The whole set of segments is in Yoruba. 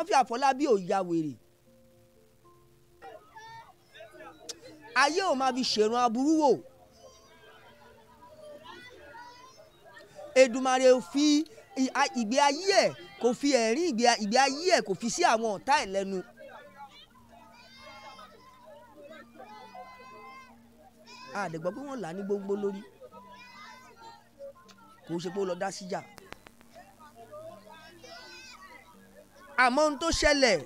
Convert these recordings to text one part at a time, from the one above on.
Murphy Àfọlábí ò ya wèrè ayé ò máa fi ṣèrun aburú wò Èdùmàrè ò fi ìgbé ayé ẹ̀ kò fi ẹ̀rín ìgbé ayé ẹ̀ kò fi sí àwọn ọ̀tá ẹ̀ lẹ́nu. àdẹ̀gbọ́ pé wọ́n là á ní gbogbo lórí kò ṣe pé ó lọ dá síjà. àmọ́ ohun tó ṣẹlẹ̀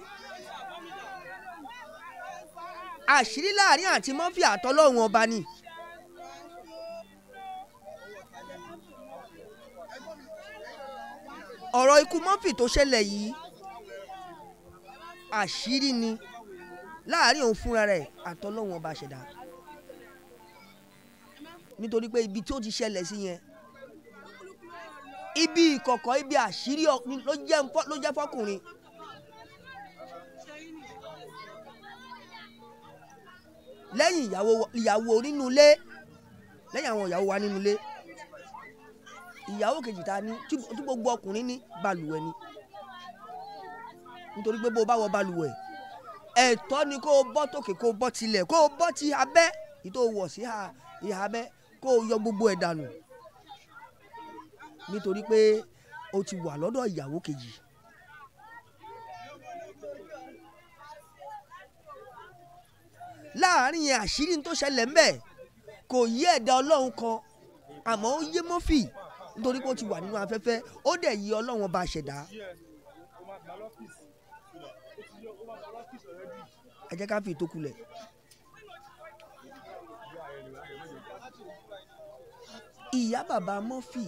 àṣírí láàrin àti mọ́fì àtọ́lọ́hún ọba ni. ọ̀rọ̀ ikú mọ́fì tó ṣẹlẹ̀ yìí àṣírí ni láàrin òun fúnra rẹ̀ àtọ́lọ́hún ọba ṣẹ̀dá nítorí pé ibi tí ó ti ṣẹlẹ̀ sí yẹn ibi ìkọ̀kọ̀ ibi àṣírí ló jẹ́ fọ́kùnrin. lẹ́yìn ìyàwó nínú ilé lẹ́yìn àwọn ìyàwó wa nínú ilé ìyàwó kejì ta ni tí gbogbo ọkùnrin ní balùwẹ̀ ni nítorí pé bó o bá wọ balùwẹ̀ ẹ̀tọ́ ni kó o bọ́ tòkè kó o bọ́ tilẹ̀ kó o bọ́ ti abẹ́ ìtò wọ̀ sí ìhà abẹ́ kó o yọ gbogbo ẹ̀ dànù nítorí pé o ti wà lọ́dọ̀ ìyàwó kejì. àárín yẹn àṣírí tó ṣẹlẹ̀ ńbẹ̀ kò yí ẹ̀dá ọlọ́run kan àmọ́ ó yé mọ́fì nítorí pé ó ti wà nínú afẹ́fẹ́ ó dẹ̀ yí ọlọ́run ọba àṣẹ̀dá. ẹ jẹ́ ká fi ètò kulẹ̀. ìyá bàbá mọ́fì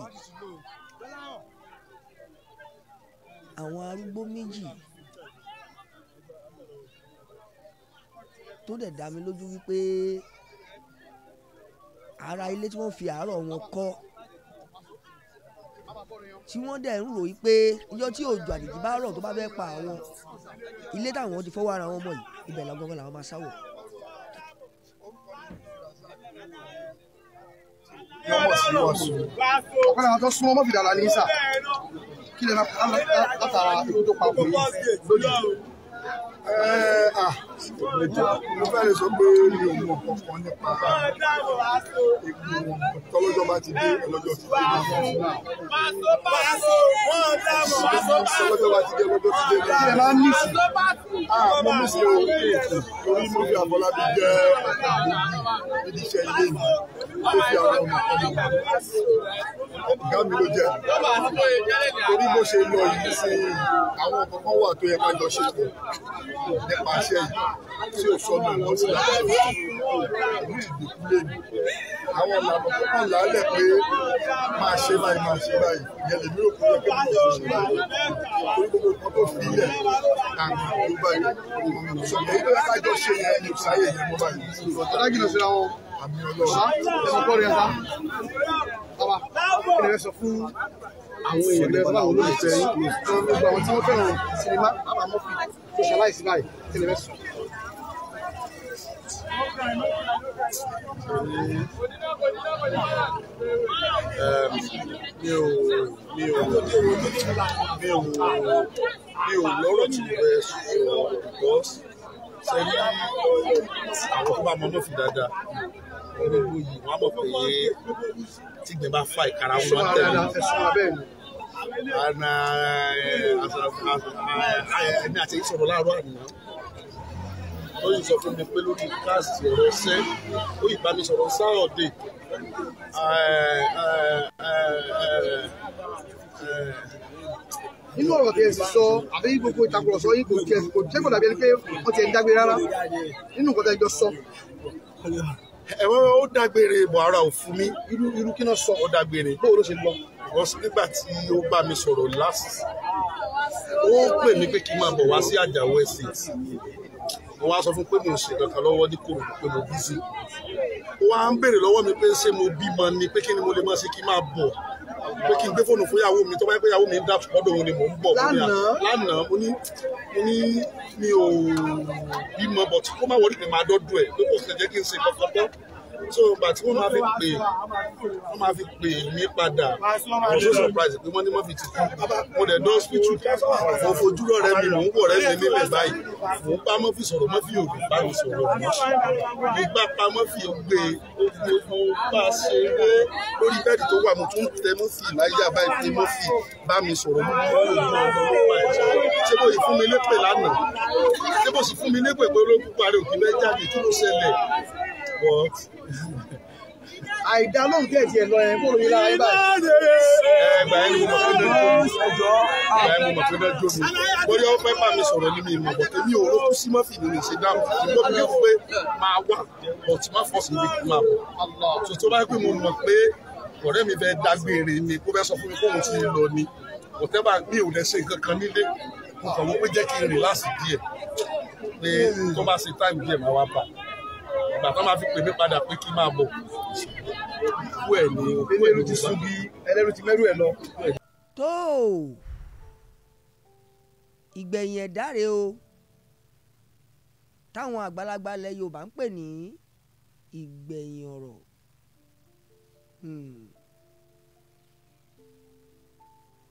àwọn arúgbó méjì tó dẹ̀ dá mi lójú wípé ara ilé tí wọ́n fi àárọ̀ wọn kọ́ tí wọ́n dẹ̀ ń rò yí pé ọjọ́ tí òjò àdìjì bá rọ̀ tó bá fẹ́ pa àwọn ilé táwọn ti fọwọ́ ara wọn mọ̀ yìí ibẹ̀ lọ́gọ́gọ́ làwọn máa sáwọ̀. ọ̀pọ̀lọpọ̀ àwọn tó súnmọ́ mọ́fìdà la ní sà kí lè látara ikú tó pa ọkùnrin lójú mo fẹ́ lè sọ pé mi ò mọ kankan nípa egbò tọ́lọ́jọ́ bá ti dé ọlọ́jọ́ ti dé náà tọ́lọ́jọ́ bá ti dé ọlọ́jọ́ ti dé náà ìlànà nìsí àmọ́ mi ṣe o torí mo fi àbọ̀lábí jẹ́ ìdíṣẹ́ ilé mi tó fi àwọn ọmọ ọmọ ọ̀gá mi ló jẹ́ torí bó ṣe lọ yìí sí àwọn kankan wà tó yẹ ká jọ ṣe pọ̀ nípa iṣẹ́ yìí tí ò sọnù ìwọ́n sí láti ní ìdókúlé mi. Àwọn ìlànà tó pé máa ṣe báyìí máa ṣe báyìí ìyẹn lèmi ò kúrò pé mo ṣe báyìí. Torí gbogbo nǹkan tó fi ilẹ̀ àwọn ìlú báyìí. Sọ̀rọ̀ èyí tó yẹ kájọ ṣe yẹn ni òṣàyè yẹn mọ́ báyìí. Ọ̀dà kìlọ̀ sí ra wọn. Àmì ọlọ́run. Ẹ̀sìn tó ṣe aláìsí báyìí tí lè fẹ́ sùn. mi ò mi ò mi ò mi ò lọ́rọ̀ tí mo fẹ́ sọ because sẹ́ni àwọn tó bá mọ náà fi dáadáa olóògbé yìí wọ́n á mọ̀ pé tígbìn bá fa ìkara wọn tẹ̀lé àna uh, eh, ẹni àti ìsọ̀rọ̀ láàárọ̀ àná ó yìí sọ fún mi pé lórí káàsì ọ̀rọ̀ ṣẹ́ ó yìí bá mi sọ̀rọ̀ sáọ̀dẹ̀ nínú ọ̀rọ̀ tí ẹ sì sọ àbí gbogbo ìtakùrọ̀sọ yìí kò jẹ́ kò jẹ́ kò dàbí ẹni pé wọ́n ti ẹ̀ ń dágbére rárá nínú nǹkan tí ẹ jọ sọ. ẹ̀wọ̀n ó dágbére ìbò ara ò fún mi irú kí náà sọ ó dágbére bóòrò ṣe lọ because nígbà tí ó bá mi sọ̀rọ̀ last ó pè mí pé kí n máa bọ̀ wá sí Àjàó Estate mo wá sọ fún pé mo ń ṣe kankan lọ́wọ́ ní kòròdú pé mo bí sí ó wá ń béèrè lọ́wọ́ mi pé ṣé mo bímọ ni pé kí ni mo lè máa ṣe kí n máa bọ̀ pé kí n gbé fóònù fún ìyàwó mi tó bá yẹ pé ìyàwó mi ń dàpọ̀ lọ́dọ̀ òun ni mò ń bọ̀ ah, lánàá mo ní mo ní mi ò bímọ bọ̀ tí kó má wọlé mi máa dọ́dọ̀ ẹ̀ pé kò sì jẹ́ kí n ṣe kankan so ìgbà tí wọ́n máa fi pè wọ́n máa fi pè mí padà wọ́n so surprise pé wọ́n ní wọ́n fi ti kú mo dẹ̀ dán hospital mo fojúrọ̀ rẹ mi mò ń wọ̀ rẹ mi nílẹ̀ báyìí mò ń pamọ́ fi sọ̀rọ̀ mọ́ fi òògùn bá mi sọ̀rọ̀ mọ́ gbígbà pamọ́ fi gbé mo bá a ṣe eré lórí bẹ́ẹ̀dì tó wà mo tún tẹ mo fi ìláyà báyìí tẹ mo fi bá mi sọ̀rọ̀ mo bá òògùn ọmọ mo pa ẹ̀jẹ̀ ṣé mo yìí fún mi lépè lánàá ṣé mo sì fún mi lépè pé olókùn parí òkè bẹ́ẹ̀ kí ló ṣẹlẹ̀ but àìdá lóhùn tẹ̀ tiẹ̀ lọ yẹn kó lóyún lára yín báyìí. ẹgbẹ́ yín mo fẹ́ dẹ́ jó mi ẹgbẹ́ yín mo fẹ́ dẹ́ jó mi bóyá ó fẹ́ bá mi sọ̀rọ̀ ní mi ìmọ̀ bọ̀ tèmi ò ló kú sí mọ́fì ní mi ṣe dáhùn ìgbó mi wí pé máa wà bọ̀ tí má fọ̀ sí ibi kí máa bọ̀ tuntun bá pè mo mọ̀ pé ọ̀rẹ́ mi fẹ́ dágbére ni kó fẹ́ sọ fún mi kóhun ti lọ ni ọ̀tẹ́bà mi ò lè ṣe nǹkan kan nílé mo kàn ìgbà tó máa fi pè mí padà pé kí n máa bọ̀ òkú ẹ̀ ni òkú ẹ̀ ló ti sún bí ẹlẹ́rú ti mẹ́rù ẹ̀ lọ. tó o ìgbẹ̀yìn ẹ̀dá rèé o táwọn àgbàlagbà ilẹ̀ Yorùbá ń pè ní ìgbẹ̀yìn ọ̀rọ̀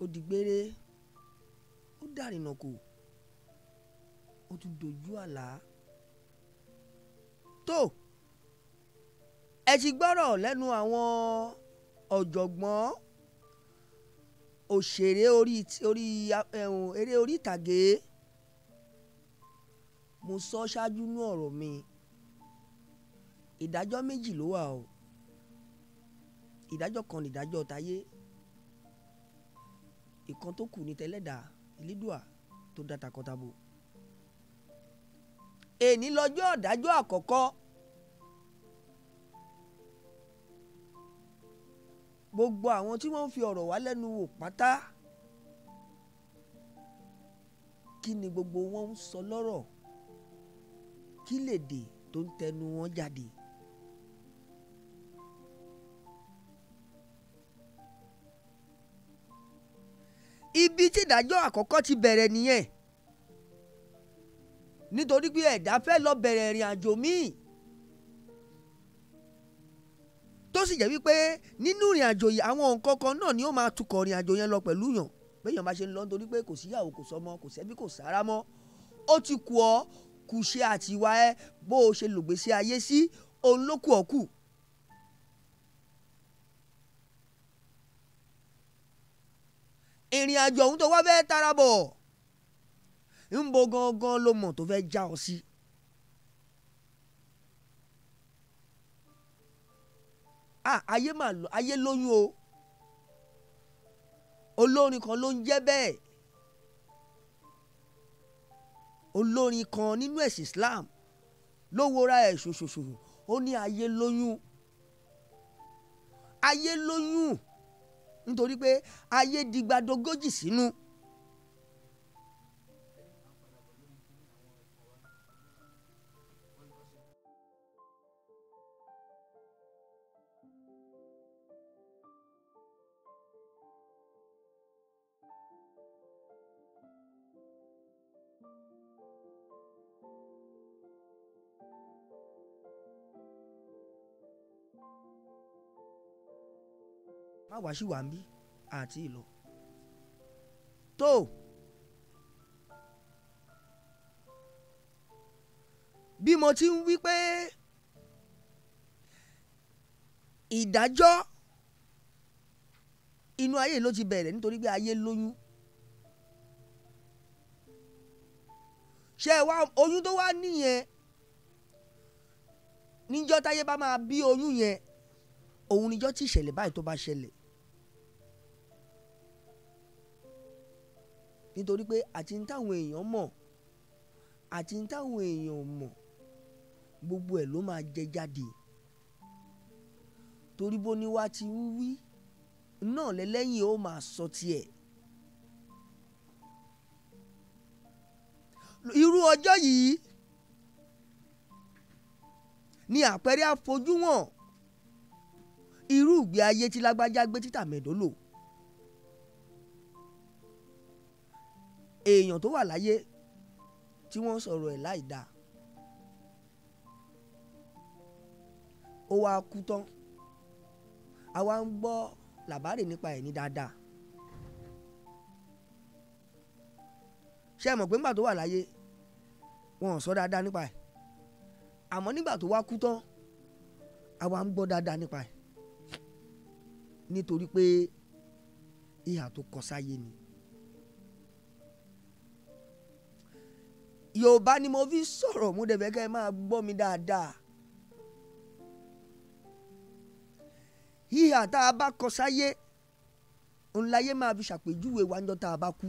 òdìgbére hmm. ó dàrínà kò ó tún dojú àlá tó ẹ ti gbọ́rọ̀ lẹ́nu àwọn ọ̀jọ̀gbọ́n òṣèré orí orí eré orí ìtàgé mo sọ ṣáájú ní ọ̀rọ̀ mi ìdájọ́ méjì ló wà o ìdájọ́ kan nìdájọ́ tayé ìkan tó kù ní tẹlẹ́dàá ìlédùà tó dá takọtabo èní lọ́jọ́ ọ̀dájọ́ àkọ́kọ́ gbogbo àwọn tí wọ́n ń fi ọ̀rọ̀ wá lẹ́nu wò pátá kí ni gbogbo wọn ń sọ lọ́rọ̀ kí lèdè tó ń tẹnu wọn jáde. ibi tí ìdájọ́ àkọ́kọ́ ti bẹ̀rẹ̀ nìyẹn nítorí pé ẹ̀dá fẹ́ lọ bẹ̀rẹ̀ ìrìn àjò míì tó sì jẹ́ wípé nínú ìrìn àjò yìí àwọn nǹkan kan náà ni ó máa tukọ̀ ìrìn àjò yẹn lọ pẹ̀lú yàn béèyàn bá ṣe ń lọ nítorí pé kò síyàwó kò sọmọ kò sẹ́bí kò sára mọ́ ó ti kù ọ́ kù ṣe àtiwá ẹ bó o ṣe lògbèsè ayé sí òun ló kù ọ́ kù. ìrìn àjò ọ̀hún tó wá fẹ́ tara bọ̀ ń bo gangan ló mọ̀ tó fẹ́ já ọ sí. ayé mà lọ ayé lóyún o olórin kan ló ń jẹ́ bẹ́ẹ̀ olórin kan nínú ẹ̀sìn Islam ló wora ẹ̀ ṣoṣoṣo ó ní ayé lóyún ayé lóyún nítorí pé ayé dìgbàdógójì sínú. Si àwa sì wà ń bí àti ìlọ tó bí mo ti ń wí pé ìdájọ́ inú ayé ló ti bẹ̀rẹ̀ nítorí pé ayé lóyún ṣé ẹ wá oyún tó wá nìyẹn níjọ́ táyé bá máa bí oyún yẹn òun níjọ́ tí ìṣẹ̀lẹ̀ báyìí tó bá ṣẹlẹ̀ nítorí pé àti ní táwọn èèyàn mọ̀ àti ní táwọn èèyàn mọ̀ gbogbo ẹ̀ ló máa jẹ jáde torí bó ni wá ti ń wí náà lẹ́lẹ́yìn ó máa sọ tiẹ̀. irú ọjọ́ yìí ni àpẹẹrẹ àfojúwọ̀n irú ìgbé ayé tí lágbájá gbé títà mẹ́dọ́ èèyàn tó wà láyé tí wọ́n sọ̀rọ̀ ẹ̀ láì dáa ó wá kú tán àwa ń gbọ́ làbárè nípa ẹ̀ ní dáadáa ṣé ẹ mọ̀ pé nígbà tó wà láyé wọn ò sọ dáadáa nípa ẹ̀ àmọ́ nígbà tó wá kú tán àwa ń gbọ́ dáadáa nípa ẹ̀ nítorí pé ìhà tó kọ ni. yorùbá ni mo fi sọ̀rọ̀ mo dẹ̀ fẹ́ kẹ́ ẹ máa gbọ́ mi dáadáa. híhà tá a bá kọ sáyé ńláyé máa fi ṣàpèjúwe wa ńjọ́ tá a bá kú.